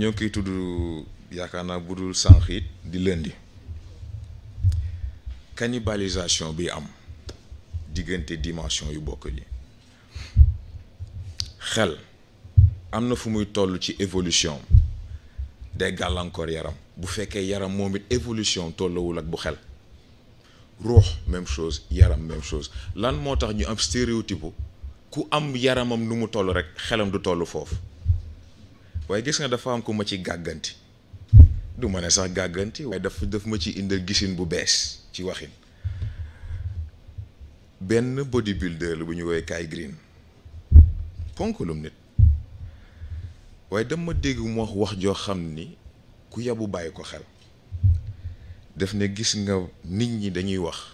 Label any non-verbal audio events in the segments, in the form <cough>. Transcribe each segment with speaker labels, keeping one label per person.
Speaker 1: ñoo ngi tudd yaakaar naa bu dul di lundi cannibalisation bi am diggante dimension yu bokk yi xel am na fu muy toll ci évolution day gàllankoor yaram bu fekkee yaram moom it évolution tollawul ak bu xel ruux même chose yaram même chose lan moo tax ñu stéréotype ku am yaramam nu mu toll rek xelam du toll waaye gis nga dafa am ko ma ci gàgganti du ma ne sax gàgganti waaye daf daf ma ci indal gisin bu bees ci waxin benn bodybuilder la bu ñu woowee Kai Green ponkalum nit waaye dama dégg mu wax wax joo xam ni ku yabu bàyyi ko xel def ne gis nga nit ñi dañuy wax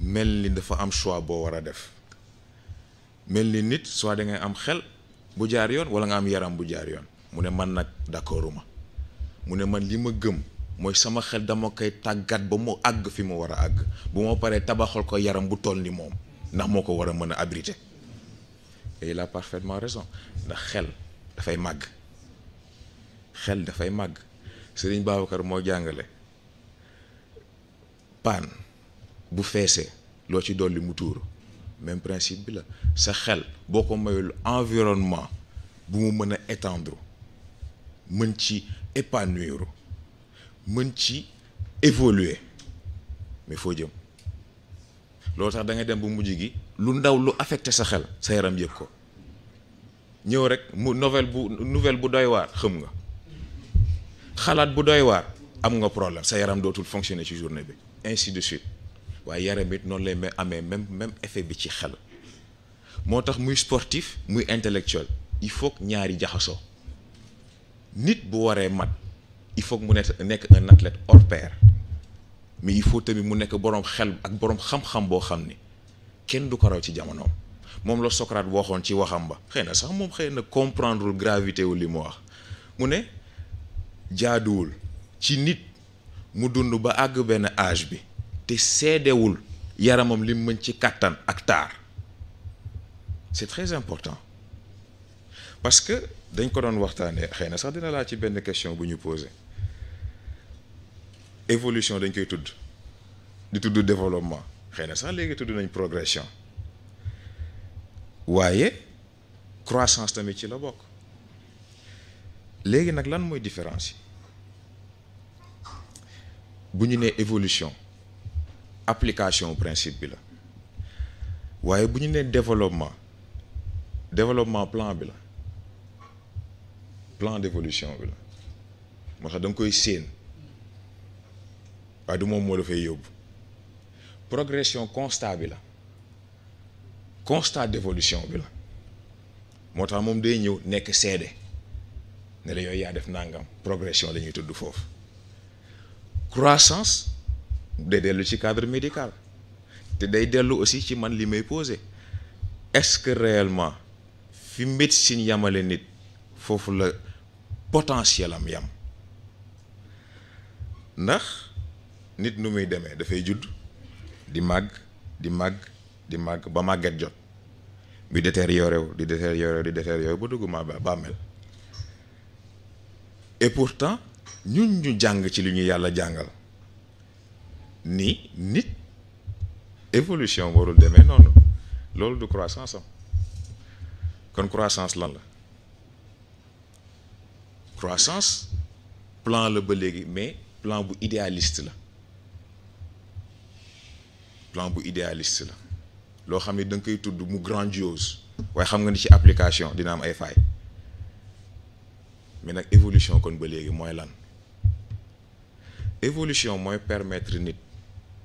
Speaker 1: mel ni dafa am choix boo war a def mel ni nit soit da ngay am xel bu jaar yoon wala nga am yaram bu jaar yoon mu ne man nag d'accorduma mu ne man li ma gëm mooy sama xel dama koy tàggat ba mu àgg fi mu war a àgg bu ma paree tabaxal ko yaram bu toll ni moom ndax moo ko war a mën a abriter et il a parfaitement raison ndax xel dafay màgg xel dafay màgg Sëriñ Babacar moo jàngale paan bu feesee loo ci dolli mu tuuru même principe bi la sa xel boko environnement bu mu meuna étendre meun ci épanouir meun ci évoluer mais il faut loolu tax da nga dem bu mujj lu ndaw lu vous sa xel sa yaram vous ko rek nouvelle bu nouvelle bu doy war xam nga bu doy am nga problème journée ainsi de suite waaye yaram non noonu lay may même même effet bi ci xel moo muy sportif muy intellectuel il faut ñaari jaxasoo nit bu waree mat il faut mu nekk un athlète hors pair mais il faut tamit mu être borom xel ak borom xam-xam bo xam ni kenn du ko raw ci jamonoom moom la Socrate waxoon ci waxam ba xëy na sax moom xëy na comprendre gravité ou li mu est, mu ne jaaduwul ci nit mu dund ba àgg benn âge bi te seedewul yaramam li mën ci kàttan ak taar c'est très important parce que dañ ko doon waxtaanee xëy na sax dina laa ci benn question bu ñu évolution dañ koy tudd di tudd développement xëy na sax léegi tudd nañ progression waaye croissance tamit ci la bokk léegi nag lan mooy différence yi bu évolution application au principe bi la waaye bu ñu développement développement plan bi plan d'évolution bi la moo tax da nga koy séen waaye du progression constante bi la constat d'évolution bi la moo tax moom day ñëw nekk ne def nangam progression la ñuy tudd croissance c'est le cadre médical té day aussi ci man li est-ce que réellement fi médecine yamale nit fofu le potentiel am yam ndax nit nu muy da fay judd di mag, di mag, di mag, ba des jot bi détérioré di détérioré di détérioré et pourtant ñun ñu jàng ci li ñu yalla ni nit évolution warul demee non lolou du croissance kon croissance lan la croissance plan le ba mais plan bu idéaliste la plan bu idéaliste la lo xam dang da koy tudd mu grandiose way xam nga ni ci application dina am ay fay mais nak évolution kon ba léegi lan évolution moy permettre nit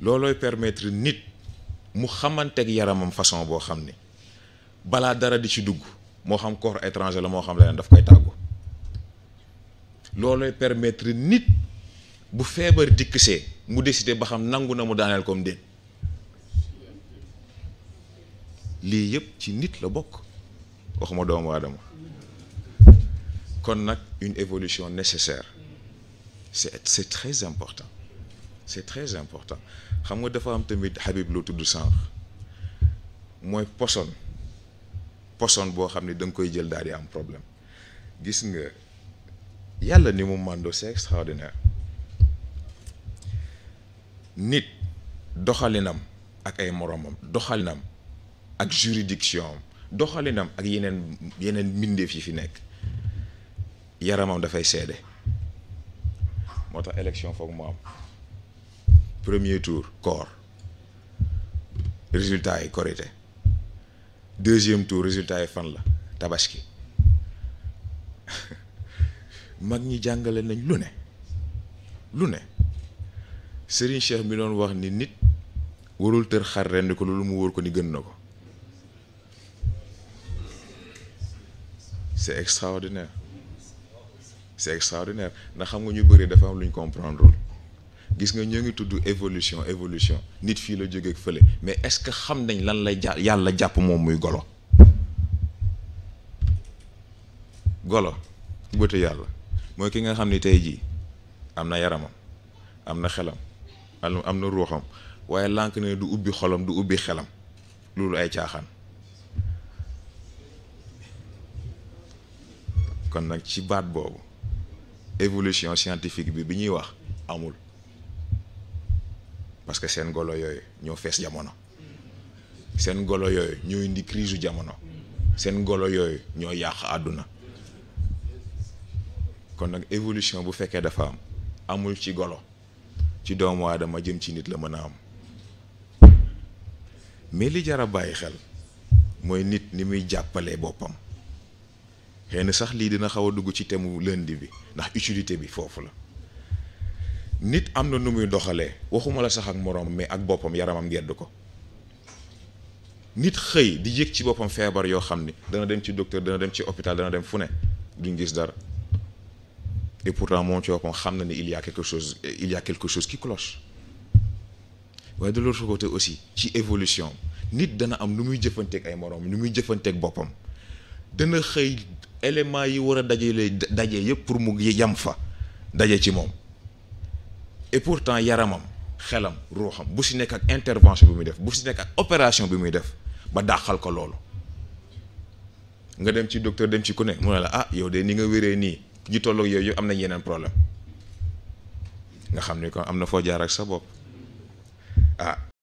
Speaker 1: loloy permettre nit mu xamanteeg yaramam façon bo xamné bala dara di ci dugg mo xam corps étranger la mo xam leneen daf koy loloy permettre nit bu feebar dikksee mu décider ba xam nangu na mu daaneel comme déet li yépp ci nit la bok waxuma doomu aadama kon nak une évolution nécessaire c'est c'est très important c'est très important xam nga dafa am tamit Habib loo tudd sang. mooy personne poson boo xam ne da nga koy jël am problème gis nga yàlla ni mu màndoo c'est extraordinaire nit doxalinam ak ay moromam doxalinam ak juridiction doxalinam ak yenen yenen minde fi fi nek yaramam da fay sédé motax élection foog mo am premier tour corps. résultat est korité deuxième tour résultat est fan là, tabaski <laughs> mag jangale jàngale nañ lu ne lu ne Serigne Cheikh mi doon wax ni nit warul tër xar ren ko mu ko ni gën nako c'est extraordinaire c'est extraordinaire na xam nga ñu bëri dafa am lu comprendre gis nga ñoo ngi tudd évolution évolution nit fi la jóge ak mais est-ce que xam nañ lan lay yalla japp mom muy golo golo bëtu yalla moy ki nga xamni tay ji amna am na yaramam am xelam amna ruxam waye lank ne du ubi xolam du ubi xelam Lulu ay tiaxan kon nak ci baat bobu évolution scientifique bi biñuy wax amul parce que seen golo yooyu ñoo fees jamono seen golo yooyu ñoo indi crise jamono seen golo yooyu ñoo yàq àdduna kon nag évolution bu fekkee dafa am amul ci golo ci doomu aadama jëm ci nit la mën a am mais li jar a bàyyi xel mooy nit ni muy jàppale boppam xëy sax lii dina xaw a dugg ci temu lundi bi ndax utilité bi foofu la nit amna numuy doxale waxuma la sax ak morom mais ak bopam yaramam gedd ko nit xey di yëg ci bopam feebar yo xamni dana dem ci docteur dana dem ci hôpital dana dem fune duñ gis dar et pourtant mon ci boppam xamna ni il y a quelque chose il y a quelque chose qui cloche way de l'autre côté aussi ci évolution nit dana am numuy muy jëfanteeg ay morom numuy muy jëfanteeg boppam dana xey éléments yi wara dajé dajalee daje pour mu yam fa dajé ci mom et pourtant yaramam xelam ruham bu si nek ak intervention bi muy def bu si nek ak opération bi muy def ba daxal ko lolu nga dem ci docteur dem ci ku ne mu la ah yow de ni nga wéré ni ñi tolloog yow yëpp am nañ problème nga xam ko amna na jaar ak sa bop ah